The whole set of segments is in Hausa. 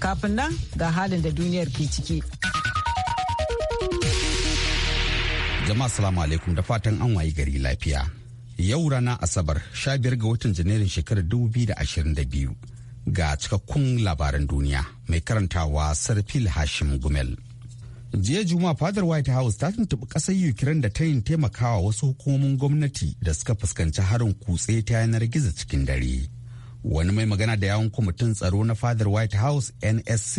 Kafin nan ga halin da duniyar ke ciki. Jama'a salamu alaikum da fatan an wayi gari lafiya. Yau rana Asabar sha biyar ga watan Janairun shekarar 2022 ga cikakkun labaran duniya mai karantawa Sarfil Hashim Gumel. jiya juma fadar white house ta tuntuɓi ƙasar ukraine da ta yin taimakawa wasu hukumomin gwamnati da suka fuskanci harin kutse ta yanar gizo cikin dare wani mai magana da yawon kwamitin tsaro na fadar white house nsc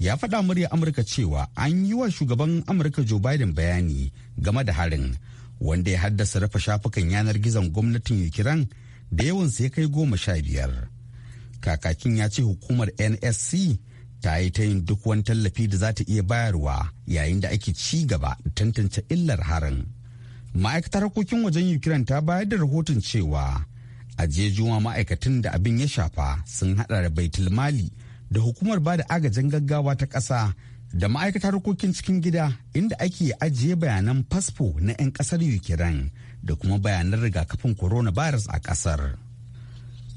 ya faɗa murya amurka cewa an yi wa shugaban amurka joe biden bayani game da harin wanda ya haddasa rafa shafukan yanar gizon gwamnatin ukraine da yawansa ya kai goma sha biyar kakakin ya ce hukumar nsc ta yi ta yin duk wani tallafi da za ta iya bayarwa yayin da ake ci gaba da tantance illar harin ma'aikatar harkokin wajen ukiran ta bayar da rahoton cewa a juma ma'aikatan da abin ya shafa sun hada da baitul mali da hukumar ba da agajin gaggawa ta ƙasa da ma'aikatar harkokin cikin gida inda ake ajiye bayanan fasfo na 'yan ƙasar ukraine da kuma bayanan rigakafin coronavirus a ƙasar.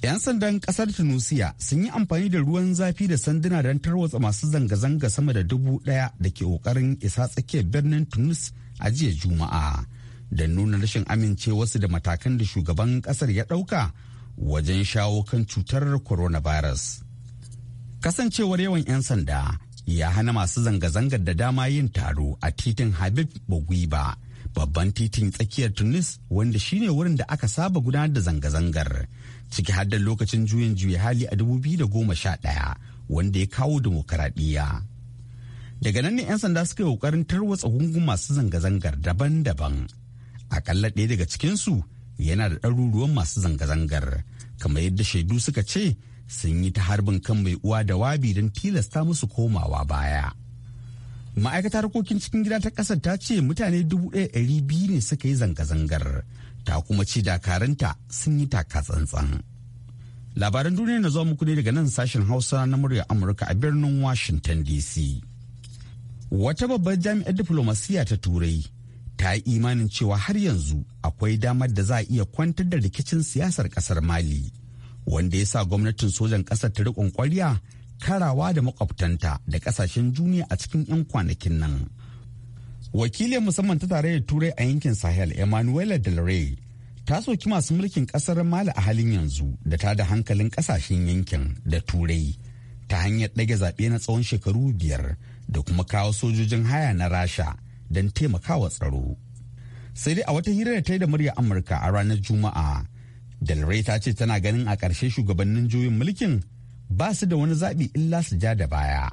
'yan sandan ƙasar tunisia sun yi amfani da ruwan zafi da sanduna don tarwatsa masu zanga-zanga sama da dubu ɗaya da ke ƙoƙarin isa tsakiyar birnin tunis a jiya juma'a. da nuna rashin amincewarsu da matakan da shugaban kasar ya ɗauka wajen shawo kan cutar coronavirus. Kasancewar yawan 'yan sanda ya hana masu zanga-zangar da dama yin taro a titin Habib Bogwiba, babban titin tsakiyar Tunis wanda shine wurin da aka saba gudanar da zanga-zangar, ciki har lokacin juyin juya hali a 2011 wanda ya kawo demokaradiyya. Daga nan ne 'yan sanda suka yi ƙoƙarin tarwatsa gungun masu zanga-zangar daban-daban akalla ɗaya daga cikinsu yana da ɗaruruwan masu zanga-zangar kamar yadda shaidu suka ce sun yi ta harbin kan mai uwa da wabi don tilasta musu komawa baya ma'aikatar harkokin cikin gida ta ƙasar ta ce mutane dubu ɗaya biyu ne suka yi zanga-zangar ta kuma ce dakaranta sun yi taka tsantsan labaran duniya na zuwa muku ne daga nan sashen hausa na murya amurka a birnin washington dc wata babbar jami'ar diflomasiyya ta turai ta yi imanin cewa har yanzu akwai damar da za a iya kwantar da rikicin siyasar kasar mali wanda ya sa gwamnatin sojan kasar ta riƙon ƙwarya karawa da makwabtanta da kasashen duniya a cikin 'yan kwanakin nan wakilin musamman ta tarayyar turai a yankin sahel emmanuela del rey ta soki masu mulkin kasar mali a halin yanzu da ta da hankalin kasashen yankin da turai ta hanyar ɗage zaɓe na tsawon shekaru biyar da kuma kawo sojojin haya na rasha don taimakawa tsaro sai dai a wata hira da ta yi da murya amurka a ranar juma'a del ta ce tana ganin a ƙarshe shugabannin juyin mulkin ba su da wani zaɓi illa su ja da baya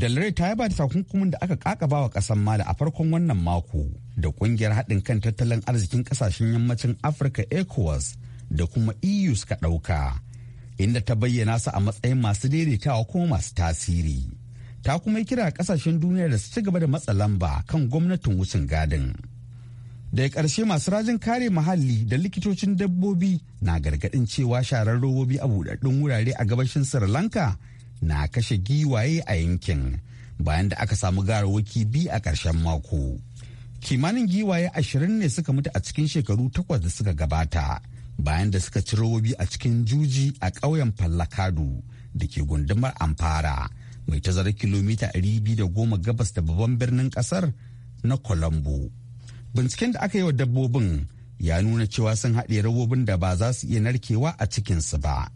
del ta yaba da takunkumin da aka ƙaƙabawa wa ƙasar mali a farkon wannan mako da ƙungiyar haɗin kan tattalin arzikin ƙasashen yammacin afirka ecowas da kuma eu suka ɗauka inda ta bayyana su a matsayin masu daidaitawa kuma masu tasiri ta kuma kira kasashen duniya da su ci gaba da matsa lamba kan gwamnatin wucin gadin. Daga ƙarshe masu rajin kare muhalli da likitocin dabbobi na gargaɗin cewa sharar robobi a buɗaɗɗun wurare a gabashin Sri Lanka na kashe giwaye a yankin bayan da aka samu garawaki bi a ƙarshen mako. Kimanin giwaye ashirin ne suka mutu a cikin shekaru takwas da suka gabata bayan da suka ci robobi a cikin juji a ƙauyen Fallakadu da ke gundumar Amfara. mai tazarar kilomita 210 gabas da babban birnin kasar na colombo binciken da aka yi wa dabbobin ya nuna cewa sun haɗe rabobin da ba za su iya narkewa a cikinsu ba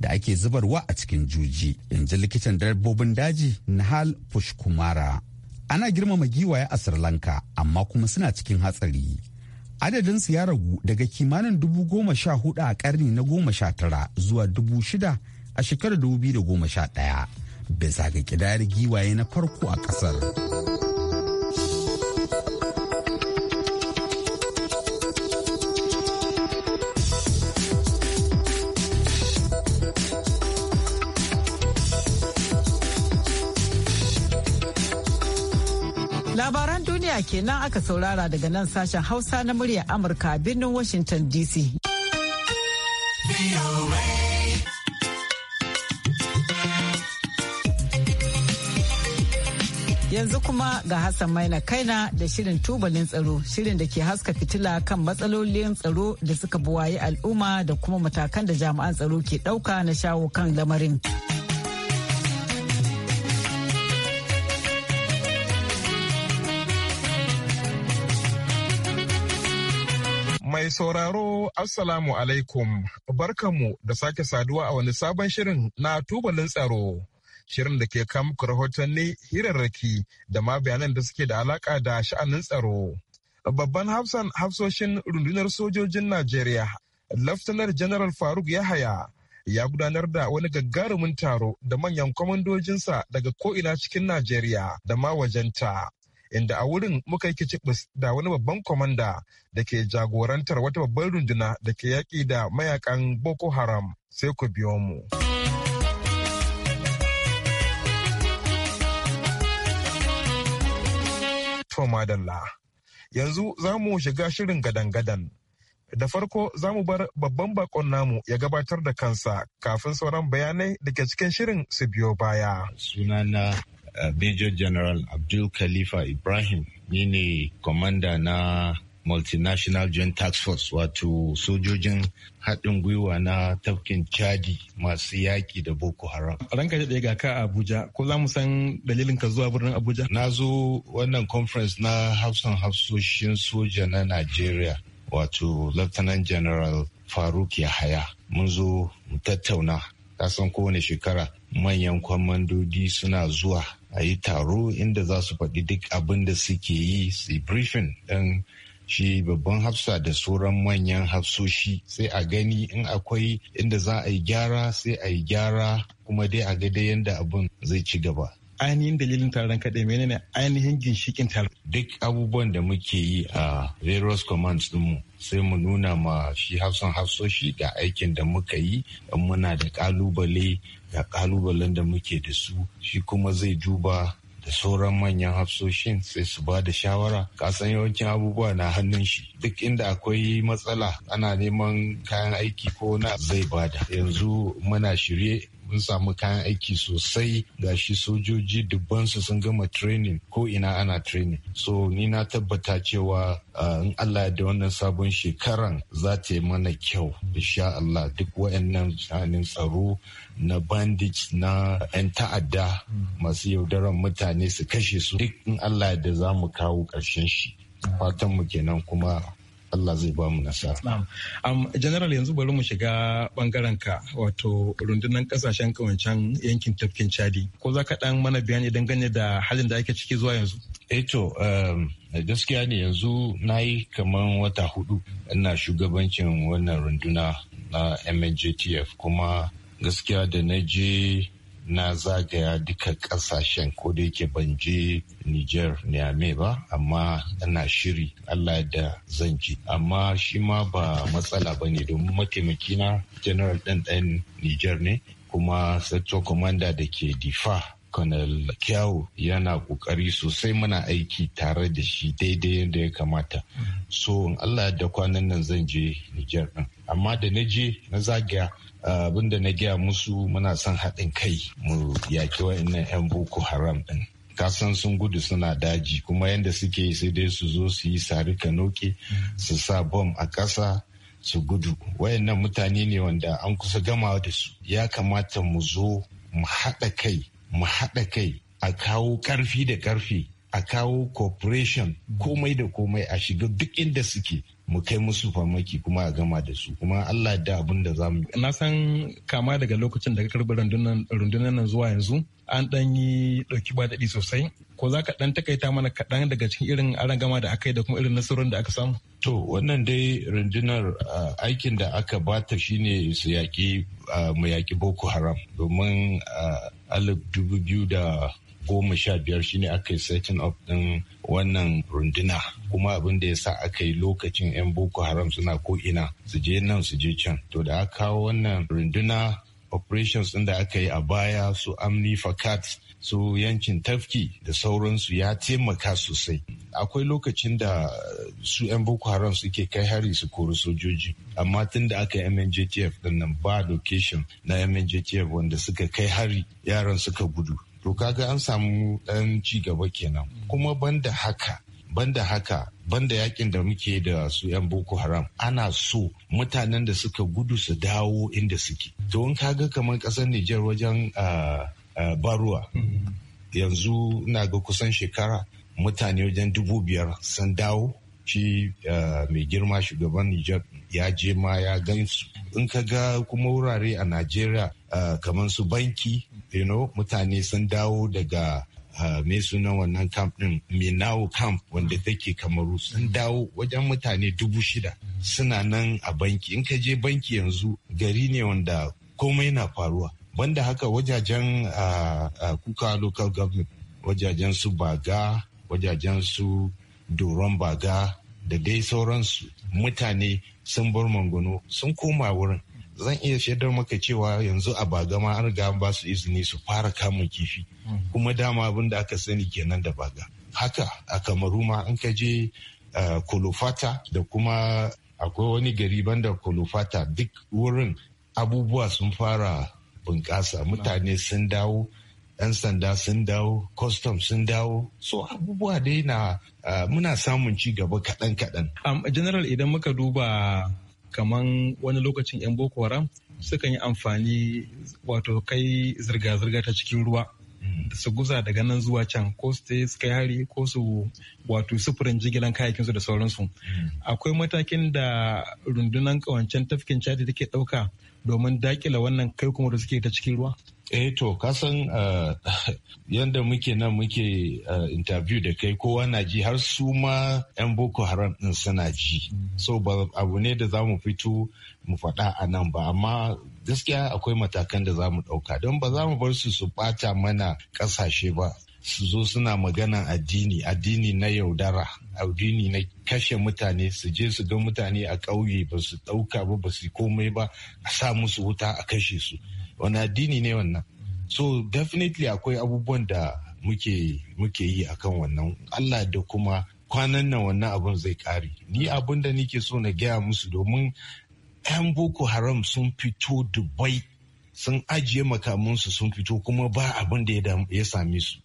da ake zubarwa a cikin juji in ji likitan dabbobin daji na nahal pushkumara ana girmama giwaye a sri lanka amma kuma suna cikin hatsari adadin su ya ragu daga kimanin dubu goma sha hudu a karni na goma sha tara zuwa dubu shida a shekarar dubu biyu da goma sha ɗaya bisa ga kidayar giwaye na farko a kasar. Labaran duniya kenan aka saurara daga nan sashen Hausa na murya Amurka birnin Washington DC. Yanzu kuma ga Hassan Maina Kaina da shirin tubalin tsaro, shirin da ke haska fitila kan matsalolin tsaro da suka buwaye al'umma da kuma matakan da jami'an tsaro ke ɗauka na shawo kan lamarin. Mai sauraro Assalamu alaikum, barkanmu da sake saduwa a wani sabon shirin na tubalin tsaro. shirin da ke kawo muku rahotanni hirarraki da ma bayanan da suke da alaka da sha'anin tsaro. Babban hafsan hafsoshin rundunar sojojin Najeriya, Laftanar General Faruk Yahaya, ya gudanar da wani gagarumin taro da manyan kwamandojinsa daga ko'ina cikin Najeriya da ma wajenta. inda a wurin muka yi kicibis da wani babban kwamanda da ke jagorantar wata babbar runduna da ke yaƙi da mayakan boko haram sai ku biyo mu. madalla. Yanzu za mu shiga shirin gadan-gadan. Da farko za mu bar babban bakon namu ya gabatar da kansa kafin sauran bayanai da ke cikin shirin su biyo baya. Sunana eh, Major General Abdul Khalifa Ibrahim ni ne kwamanda na multinational joint tax force wato sojojin haɗin gwiwa na tafkin chadi masu yaƙi da boko haram ranka da ga ka abuja ko za mu san dalilin ka zuwa birnin abuja na zo wannan conference na hafsan hafsoshin soja na nigeria wato lieutenant general faruk yahaya mun zo mu tattauna kasan kowane shekara manyan kwamandodi suna zuwa a yi taro inda za su faɗi duk abin da suke yi su briefing ɗin shi babban hafsa da sauran manyan hafsoshi sai a gani in akwai inda za a yi gyara sai a yi gyara kuma dai a ga dai yadda abin zai ci gaba ainihin dalilin taron kaɗai menene ainihin ginshikin taron. Duk abubuwan da muke yi a various commands dinmu sai mu nuna ma shi hafsan hafsoshi ga aikin da muka yi in muna da ƙalubale ga ƙalubalen da muke da su shi kuma zai duba da sauran manyan hafsoshin sai su ba da shawara kasan yawancin abubuwa na hannun shi duk inda akwai matsala ana neman kayan aiki ko na zai bada yanzu muna shirye mun samu kayan aiki sosai shi sojoji dubbansu sun gama training ko ina ana training so ni na tabbata cewa ah, in Allah da wannan sabon shekaran za ta yi mana kyau insha Allah duk wayannan shanin tsaro na bandage na 'yan ta'adda masu yaudaran mutane su kashe su duk in Allah da za mu kawo ƙarshen shi fatan mu kenan kuma Allah zai ba mu nasara. General yanzu bari mu shiga bangaren ka wato rundunar kasashen kawancan yankin tafkin Chadi. Ko za ka dan mana bayani dangane da halin da ake ciki zuwa yanzu? Eh to um, gaskiya ne yanzu na yi kamar wata hudu ina shugabancin wannan runduna na MNJTF kuma gaskiya da na je na zagaya duka kasashen ko da yake ban je Niger Niamey ba amma ana shiri Allah da zan je amma shi ma ba matsala ba ne domin mataimakina general ɗan ɗan Niger ne kuma sector commander da ke difa Colonel kyau yana kokari sosai muna aiki tare da shi daidai yadda ya kamata. So in Allah da kwanan nan zan je Niger ɗin. Amma da na je na zagaya abin da na gaya musu muna son haɗin kai mu yaƙi wa'annan 'yan boko haram ɗin kasan sun gudu suna daji kuma yadda suke sai dai su zo su yi sari kanoke su sa bom a ƙasa su gudu wayannan mutane ne wanda an kusa gama da su ya kamata mu zo mu haɗa kai mu haɗa kai a kawo ƙarfi da ƙarfi a kawo cooperation komai da komai a shiga duk inda suke mu kai musu farmaki kuma a gama da su kuma Allah da abin da za mu na san kama daga lokacin da ka karbi rundunar nan zuwa yanzu an ɗan yi ɗauki ba daɗi sosai ko za ka ɗan takaita mana kaɗan daga cikin irin aran gama da aka yi da kuma irin nasarorin da aka samu to wannan dai rundunar aikin da aka ba bata shine su yaƙi mu yaƙi boko haram domin alif dubu biyu da goma sha biyar shine aka yi setting up din wannan runduna kuma abin da ya sa aka yi lokacin 'yan boko haram suna ko ina su je nan su je can to da aka kawo wannan runduna operations din da aka yi a baya su amni fakat su yankin tafki da sauransu ya taimaka sosai akwai lokacin da su 'yan boko haram suke kai hari su kori sojoji amma tun da aka yi mnjtf dinnan ba location na mnjtf wanda suka kai hari yaran suka gudu to kaga an samu ɗan ci gaba kenan mm. kuma banda haka banda haka banda yakin da muke da su 'yan boko haram ana so mutanen da suka gudu su dawo inda suke to in kaga kamar kasar Nijar wajen baruwa mm. yanzu na ga kusan shekara mutane wajen dubu biyar sun dawo shi mai girma shugaban Nijar ya je ma ya gan su in ka ga kuma wurare a Najeriya Ah, kamar su banki you know, mutane sun dawo daga ah, me sunan wannan camp din minau camp wanda take kamaru sun dawo wajen mutane dubu shida suna nan a banki in ka je banki yanzu gari ne wanda komai na faruwa banda haka wajajen ah, kuka local government wajajen su baga wajajen su doron baga da dai sauransu mutane sun bar mangono sun koma wurin zan iya shaidar maka cewa yanzu a bagama an riga ba su izini su fara kamun kifi kuma dama abin da aka sani kenan da baga haka a kamaru ma an ka je eh, kolofata da kuma akwai wani gari banda kolofata duk wurin abubuwa sun fara bunƙasa mutane sun dawo 'yan sanda sun dawo custom sun dawo so abubuwa dai na eh, muna samun ci gaba kaɗan-kaɗan. general idan muka duba kaman wani lokacin 'yan boko haram sukan yi amfani wato kai zirga-zirga ta cikin ruwa mm. su guza daga nan zuwa can ko su hari ko su wato sufurin jigilan kayakinsu da sauransu mm. akwai matakin da rundunan kawancen tafkin chadi take ɗauka domin dakila wannan kai kuma da suke ta cikin ruwa eh to kasan eh, yadda muke nan muke eh, interview da kai kowa na ji har su ma 'yan boko haram din suna ji mm-hmm. so ba abu ne da za mu fito mu faɗa a nan ba amma gaskiya akwai matakan da za mu ɗauka don ba za mu bar su su ɓata mana ƙasashe ba su zo suna magana addini addini na yaudara addini na kashe mutane su je su ga mutane a ƙauye ba su ɗauka ba ba su komai ba a sa musu wuta a kashe su wani addini ne wannan so definitely akwai abubuwan da muke muke yi akan wannan allah da kuma kwanan nan wannan abun zai kare ni abun da nike so na gaya musu domin 'yan boko haram sun fito dubai sun ajiye makamansu sun fito kuma ba abin da ya same su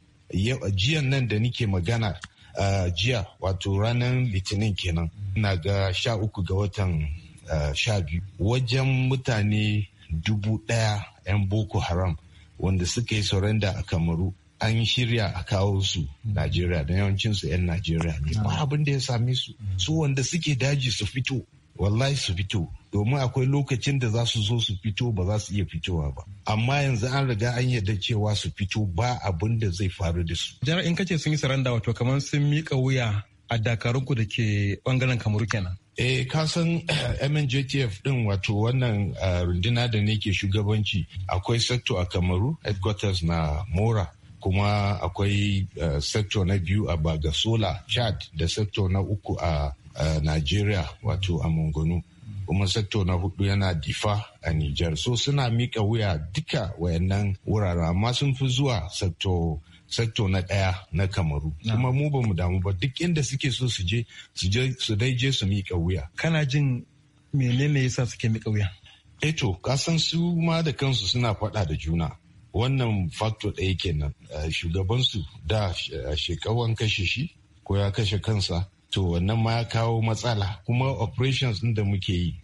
jiyan nan da nike magana ah, jiya wato ranar litinin kenan na ga sha uku ga watan ah, sha biyu wajen mutane dubu ɗaya 'yan boko haram wanda suka yi surrender a kamaru an shirya a kawo su najeriya da yawancin su 'yan najeriya ne ba abin da ya same su su wanda suke daji su fito wallahi su fito domin akwai lokacin da za su zo su fito ba za su iya fitowa ba amma yanzu an riga an yarda cewa su fito ba abin da zai faru da su jara in kace sun yi saranda wato kamar sun miƙa wuya a dakarunku da ke bangaren kamaru kenan eh kasan eh, mnjtf din wato wannan eh, runduna da ke shugabanci akwai sector a kamaru headquarters na mora kuma akwai eh, sector na biyu a bagasola chad da sector na uku a nigeria wato a mongonu kuma sector na hudu yana difa a Nijar. So suna mika wuya duka wayannan wurare amma sun fi zuwa sector sector na ɗaya na kamaru kuma mu ba mu damu ba duk inda suke so su je su dai je su miƙa wuya kana jin menene yasa suke miƙa wuya eto eh kasan su ma da kansu suna faɗa da juna wannan factor ɗaya kenan eh, Shugaban su da eh, shekawan kashe shi ko ya kashe kansa to wannan ma ya kawo matsala kuma operations din da muke yi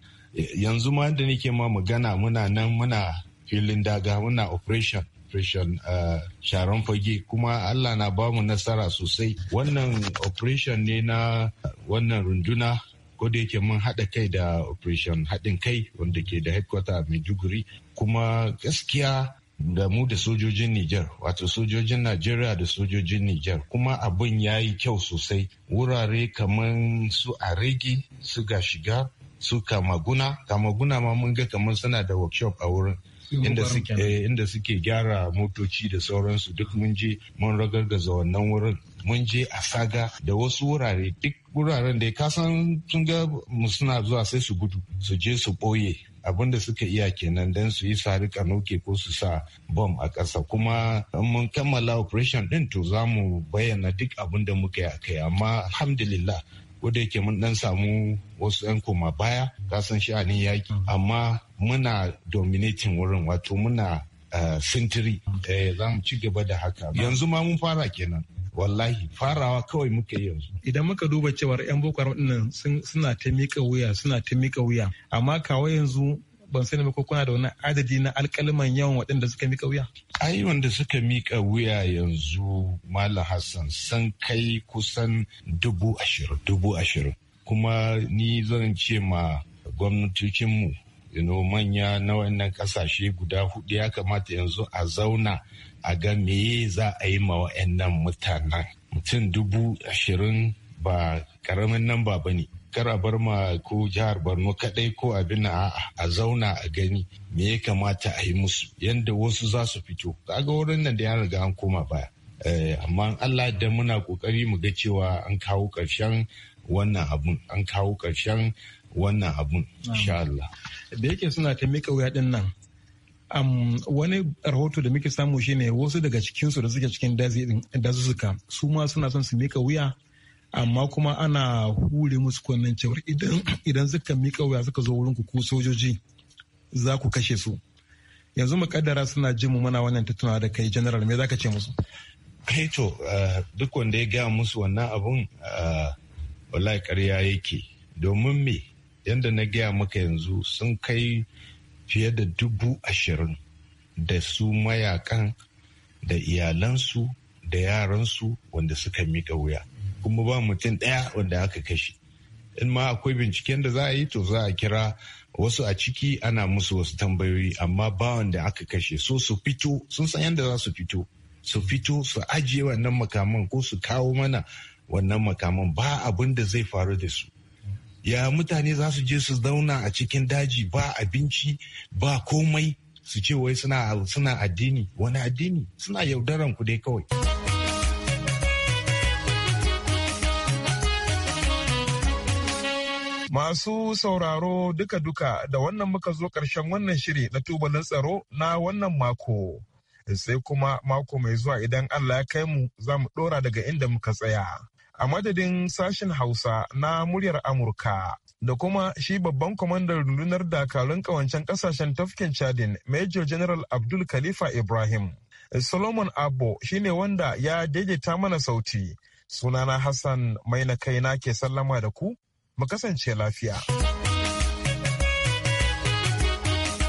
yanzu ma da nake ma magana muna nan muna filin daga muna operation operation uh, sharon fage kuma allah na bamu nasara sosai wannan operation ne na wannan runduna ko da yake mun haɗa kai da operation haɗin kai wanda ke da headquarter a maiduguri kuma gaskiya da mu da sojojin Nijar, wato sojojin Najeriya da sojojin Nijar, kuma abin ya yi kyau sosai wurare kamar su a Aregi, su shiga su Kamaguna, Kamaguna ma mun ga kamar suna da workshop a wurin Eh, inda suke gyara motoci da sauransu duk mun je mun ragargaza wannan wurin mun je a saga da wasu wurare duk wuraren da ya kasan sun ga suna zuwa sai su gudu su je su boye abin da suka iya kenan don su yi sari kanoke ko su sa bom a ƙasa kuma mun kammala operation din to za mu bayyana duk abin da muka yi a kai amma alhamdulillah Ko da yake mun dan samu wasu 'yan koma baya ka kasan sha'anin yaki amma muna dominating wurin wato muna eh, sintiri eh, za mu ci gaba da haka yanzu ma mun fara kenan wallahi farawa kawai muka yanzu. Idan muka duba cewar 'yan boko haram suna ta mika wuya suna ta mika wuya amma kawai yanzu ban sani ba ko kuna da wani adadi na alkaliman yawan waɗanda suka mika wuya. Ai wanda suka mika wuya yanzu Malam Hassan san kai kusan dubu ashirin dubu ashirin. Kuma ni zan ce ma gwamnatocinmu you manya na wannan kasashe guda hudu ya kamata yanzu a zauna a ga me za a yi ma wa'annan mutanen mutum dubu ashirin ba ƙaramin nan ba ne kar a bar ma ko jihar borno kadai ko abin a a zauna a gani me ya kamata a yi musu yanda wasu za su fito kaga wurin nan da ya riga an koma baya eh, amma allah da muna kokari mu ga cewa an kawo karshen wannan abun an kawo karshen wannan abun insha Allah. da yake suna ta mika wuya din nan um, wani rahoto da muke samu shine wasu daga cikinsu da suke cikin dazuzzuka su ma suna son su mika wuya amma kuma ana hure musu kunnen cewar idan suka miƙa wuya suka zo wurin ku ko sojoji za ku kashe su yanzu mukaddara suna jin mu mana wannan tattuna da kai general me ka ce musu kai to eh, duk wanda ya gaya musu wannan abun eh, wallahi ƙarya yake domin me yadda na gaya maka yanzu sun kai fiye da dubu ashirin da su mayakan da iyalansu da yaransu wanda suka miƙa wuya kuma ba mutum ɗaya wanda aka kashe in ma akwai binciken da za a yi to za a kira wasu a ciki ana musu wasu tambayoyi amma ba wanda aka kashe so su fito sun san yadda za su fito su fito su ajiye wannan makaman ko su kawo mana wannan makaman ba abin da zai faru da su ya mutane za su je su zauna a cikin daji ba abinci ba komai su ce wai suna addini wani addini suna yaudaran ku dai kawai. Masu sauraro duka-duka da wannan muka zo ƙarshen wannan shiri na tubalin tsaro na wannan mako. Sai kuma mako mai zuwa idan Allah ya kai mu za mu ɗora daga inda muka tsaya. A madadin sashen Hausa na muryar Amurka da kuma shi babban kwamandan rundunar dakarun ƙawancen ƙasashen tafkin Chadin Major General Abdul Khalifa Ibrahim. Solomon Abbo shine wanda ya daidaita mana sauti. Sunana Hassan mai na kaina ke sallama da ku. mu kasance lafiya.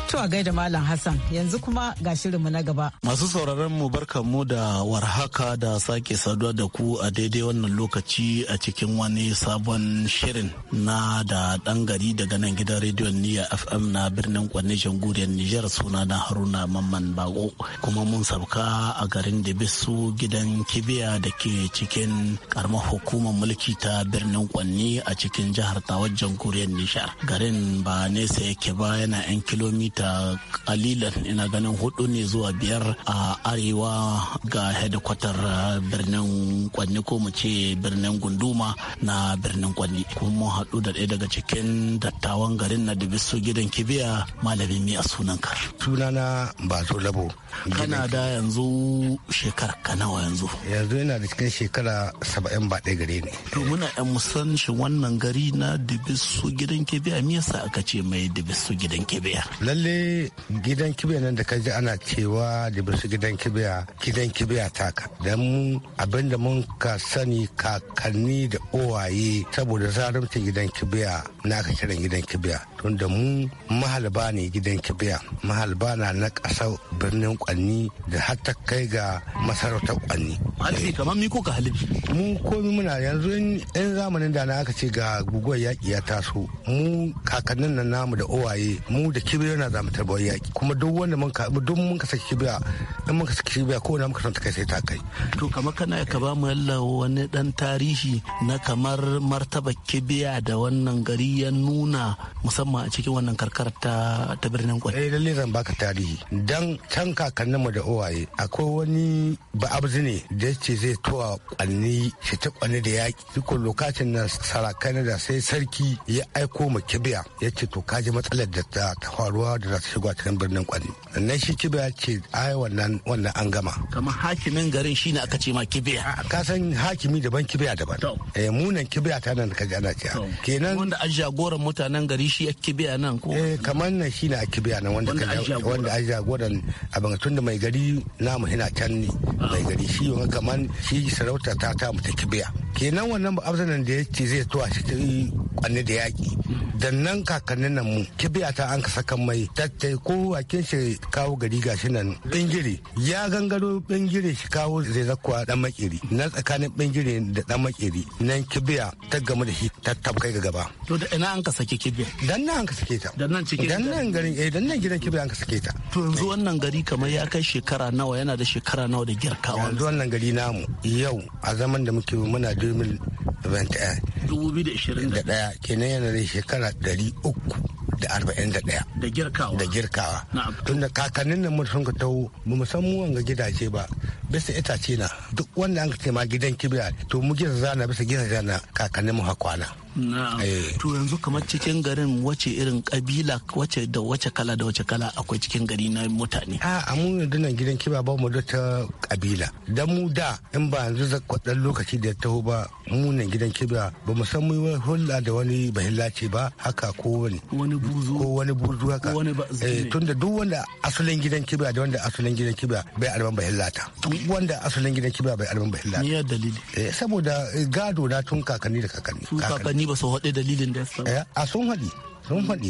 To a gaida Malam Hassan yanzu kuma ga shirinmu na gaba. Masu sauraron mu mu da warhaka da sake saduwa da ku a daidai wannan lokaci a cikin wani sabon shirin na da ɗan gari daga nan gidan rediyon Niyya FM na birnin Kwanishin Guriyar Nijar suna na Haruna Mamman bago kuma mun sauka a garin da bisu gidan Kibiya da ke cikin karamar hukumar mulki ta birnin Kwanni a cikin jihar Tawar Jamhuriyar Nijar. Garin ba nesa yake ba yana 'yan kilomita kilomita kalilan ina ganin hudu ne zuwa biyar a arewa ga hedikwatar uh, birnin kwanni ko mu ce birnin gunduma na birnin kwanni kuma mun haɗu da ɗaya daga cikin dattawan garin na dubisu gidan kibiya malamin mi a sunan ka sunana ba so labo kana da yanzu shekara ka nawa yanzu yanzu yana da cikin shekara saba'in ba ɗaya gare ne to muna yan eh, musan wannan gari na dubisu gidan kibiya me yasa aka ce mai dubisu gidan kibiya lalle lalle gidan kibiya nan da ka ji ana cewa da bisu gidan kibiya gidan kibiya taka don abin da mun ka sani kakanni da owaye saboda zarumta gidan kibiya na ka kiran gidan kibiya tun da mu mahalba ne gidan kibiya mahalba na na ƙasar birnin kwanni da har ta kai ga masarautar kwanni halibi kamar mi ko ka halibi mu komi muna yanzu in zamanin da na aka ce ga guguwar yaƙi ya taso mu kakannin nan namu da owaye mu da kibiya na za mu tarbar yaƙi kuma duk wanda mun ka duk mun ka saki kibiya in mun ka saki kibiya ko na muka san ta kai sai ta kai to kamar kana ka ba mu wani dan tarihi na kamar martaba kibiya da wannan gari ya nuna musamman a cikin wannan karkar ta ta birnin kwai eh lalle zan baka tarihi dan can kakannin mu da uwaye akwai wani ba'abzi ne da yace zai towa kwanni shi ta kwanni da yaƙi duk lokacin na sarakai da sai sarki ya aiko ma kibiya yace to kaji matsalar da ta faruwa da da za ta shigo a cikin birnin kwani nan shi kibiya ce ai wannan wannan an gama kamar hakimin garin shi ne aka ce ma kibiya ka san hakimi daban kibiya daban eh munan kibiya ta nan ka ana cewa kenan wanda an jagoran mutanen gari shi a kibiya nan ko eh kamar nan shi ne a kibiya nan wanda wanda an jagoran abin tun da mai gari namu hina can ne ah. mai gari shi kamar shi sarauta ta ta mu ta kibiya kenan wannan ba abzanan da ya ce zai tuwa shi ta kwanne da yaƙi mm. dan nan kakannin nan mu kibiya ta an ka saka mai tattai ko wakin shi kawo gari gashi nan bingire ya gangaro bingire shi kawo zai zakwa dan makiri na tsakanin bingire da dan makiri nan kibiya ta gamu da shi ta tabkai ga gaba to da ina an ka saki kibiya dan nan an ka sake ta dan nan cikin dan nan garin eh dan nan gidan kibiya an ka sake ta to yanzu wannan gari kamar ya kai shekara nawa yana da shekara nawa da girkawa yanzu wannan gari namu yau a zaman da muke muna 2021 kenan yana da shekara 300 da arba'in da ɗaya. Da girkawa. Da girkawa. tunda kakannin nan sun ka taho ba mu san mu wanga gidaje ba bisa itace na duk wanda an ka ce ma gidan kibiya to mu gina zana bisa gina zana kakannin mu hakwana. Eh. to yanzu kamar cikin garin wace irin kabila wace da wace kala da wace kala akwai cikin gari na mutane a a mu da nan gidan kiba ba mu da ta kabila da mu da in ba yanzu da kwadan lokaci da ya taho ba mu nan gidan kiba ba mu san mu hulla da wani bahillaci ba haka ko wani wani buzu ko wani buzu haka eh, tunda duk wanda asalin gidan kiba da wanda asalin gidan kiba bai alban bahillata duk wanda asalin gidan kiba bai alban bahillata ni ya dalili eh, saboda gado na tun kakanni da kakanni kakanni ba su haɗe dalilin da ya eh, A sun haɗi. sun faɗi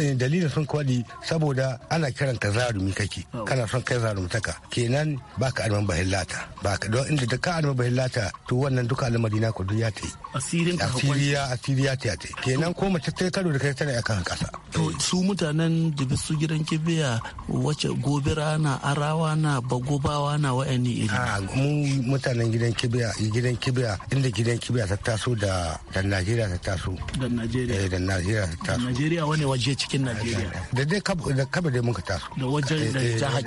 eh, dalilin sun kwaɗi saboda ana kiran ka zarumi kake oh. kana son kai zarumtaka kenan baka alman ba baka don inda da ka alman lata to wannan duka almadi na kudu ya ta yi asiriya asiriya ta ta kenan ko mace ta karo da kai tana kan kasa to su mutanen da su gidan kibiya wace gobira na arawa na bagobawa na wa'ani iri a ah, mu mutanen gidan kibiya gidan kibiya inda gidan kibiya ta taso da da Najeriya ta taso da Najeriya eh, da Najeriya ta taso Najeriya wani waje cikin Najeriya. Da dai kabe dai muka taso. Da wajen eh, eh, eh, da jihar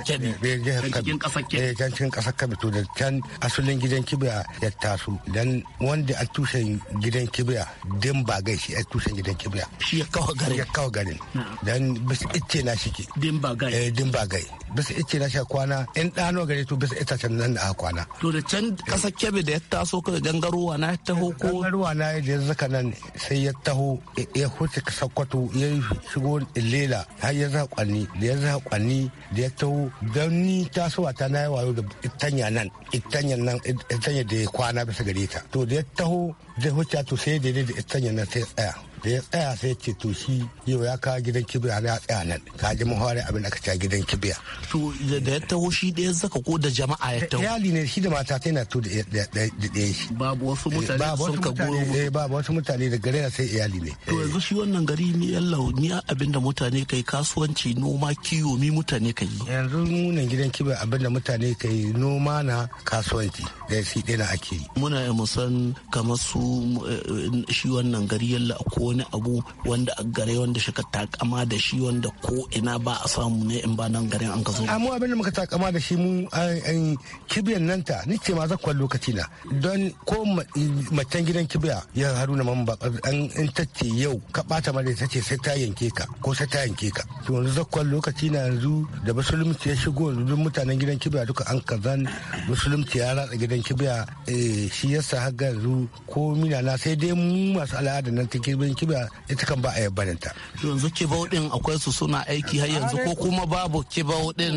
Kebbi. Da cikin ƙasar Kebbi. Da cikin ƙasar Kebbi to da can asalin gidan kibiya ya taso. Dan wanda a tushen gidan kibiya din ba gai shi a tushen gidan kibiya. Shi ya kawo garin. Ya kawo garin. Dan bisa ice na shi ke. Din ba gai. Eh din ba gai. Bisa ice na shi kwana in ɗano gari to bisa can nan da aka kwana. To da can ƙasar Kebbi da ya taso ka gangarowa na ya taho ko. Gangarowa na ya zaka nan sai ya taho ya huce ka fito ya shigo lela har ya za kwanni da ya kwanni da ya taho don ni so ta na wayo da itanya nan itanya nan itanya da ya kwana bisa gare ta to da ya taho zai huta to sai daidai da ne na sai tsaya da ya tsaya sai ce to shi yau ya kawo gidan kibiya na tsaya nan ka ji mahawari abin da aka ca gidan kibiya. to da ya taho shi ya zaka ko da jama'a ya taho. iyali ne shi da mata ta yana to da ɗaya shi. babu wasu eh, mutane sun ka goyo musu. Eh, babu wasu mutane da gare sai iyali ne. to yanzu shi wannan gari ni yallau ni abin da mutane kai kasuwanci noma kiwo mi mutane kai. yanzu munan gidan kibiya abin da mutane kai noma na kasuwanci da shi ɗaya na ake yi. muna yi musan kamar su Eh, shi wannan gari yalla ko wani abu wanda a gare wanda shi ka takama da shi wanda ko ina ba a samu ne in ba nan garin an ka zo amma abin da muka takama da shi mu an eh, eh, kibiyan nan ta ni ce ma zakwan lokaci na don ko macen gidan kibiya ya haruna ba an in tace yau ka bata mare ta ce sai ta yanke ka ko sai ta yanke ka to yanzu zakwan lokaci na yanzu da musulunci ya shigo yanzu mutanen gidan kibiya duka an kazan musulunci ya ratsa gidan kibiya shi yasa har yanzu ko komi na sai dai mu masu al'ada nan ta kirbin kiba ita kan ba a yabbanin ta. Yanzu kibau din akwai su suna aiki har yanzu ko kuma babu kibau din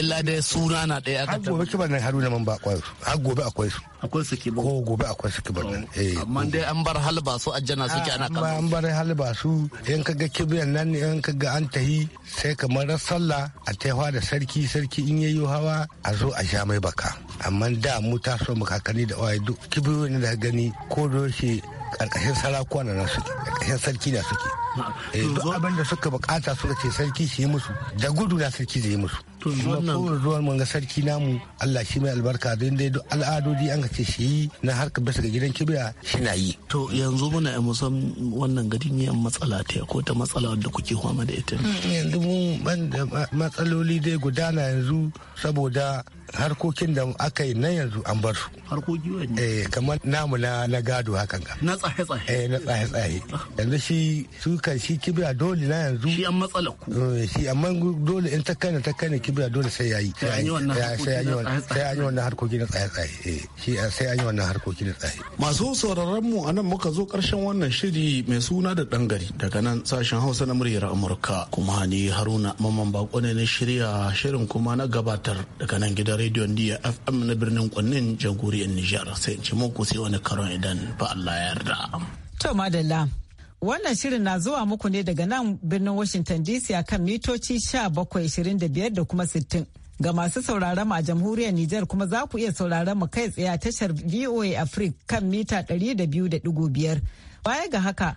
illa da suna na ɗaya a tabbata. gobe kibar nan na man ba akwai su har gobe akwai su. Akwai su kibau. Ko gobe akwai su kibar nan. Amma eh. dai an bar halba su ajjana suke ana kan. An bar halba su yan kaga ga kibiyar nan in ka ga an tahi sai kamar sallah a taiwa da sarki sarki in yayi hawa a zo a sha mai baka. amma da mu ta mu kakanni da waye duk kibiyoyi ne da gani ko da yake karkashin sarakuna na suke karkashin sarki na suke eh, duk abin da suka bukata suka ce sarki shi yi musu da gudu na sarki zai yi musu kuma ruwan mun ga sarki namu Allah shi mai albarka don dai duk al'adodi an ce shi yi na harka bisa ga gidan kibiya shi na yi to yanzu muna yi musan wannan gari ne matsala ta ko ta matsala wadda kuke fama da ita mm, yanzu mun matsaloli dai gudana yanzu saboda harkokin da aka yi nan yanzu an bar su harkoki wani eh kamar namu na na gado hakan ga na tsaye tsaye eh na tsaye tsaye yanzu shi su kan shi kibiya dole na yanzu shi an matsala ku eh, shi amma dole in ta kana ta kana kibiya dole sai yayi sai an yi wannan sai an yi wannan harkoki na tsaye tsaye eh, shi sai an yi wannan harkoki na tsaye masu sauraron mu anan muka zo karshen wannan shiri mai suna da dan gari daga nan sashen Hausa na muryar Amurka kuma ni Haruna Mamman Bako ne na shirya shirin kuma na gabatar daga nan gidan da rediyon diya fm na birnin kwannin jamhuriyar nijar sai ce muku sai wani karon idan ba allah ya yarda to madalla Wannan shirin na zuwa muku ne daga nan birnin Washington DC a kan mitoci 1725 da kuma sittin Ga masu sauraron a jamhuriyar Nijar kuma za ku iya sauraron mu kai tsaye a tashar VOA Africa kan mita ɗari da 200.5. Baya ga haka,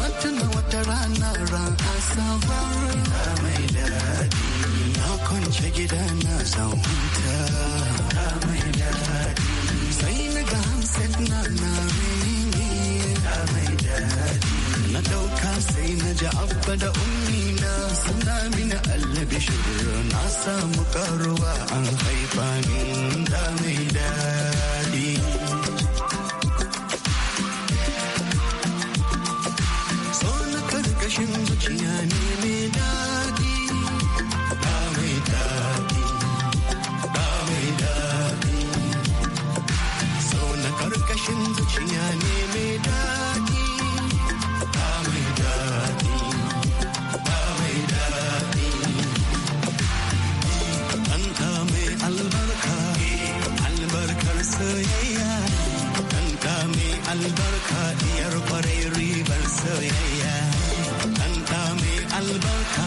na tuna wata rana ran asabar na kwance gida na zan huta sai na ga hamset na na na ɗauka sai na ji abba da ummi na suna mini allabi shirin na samu karuwa an haifa min da mai daɗi soyayya ɗanɗa mai albarka diyar kwarai ribar soyayya ɗanɗa mai albarka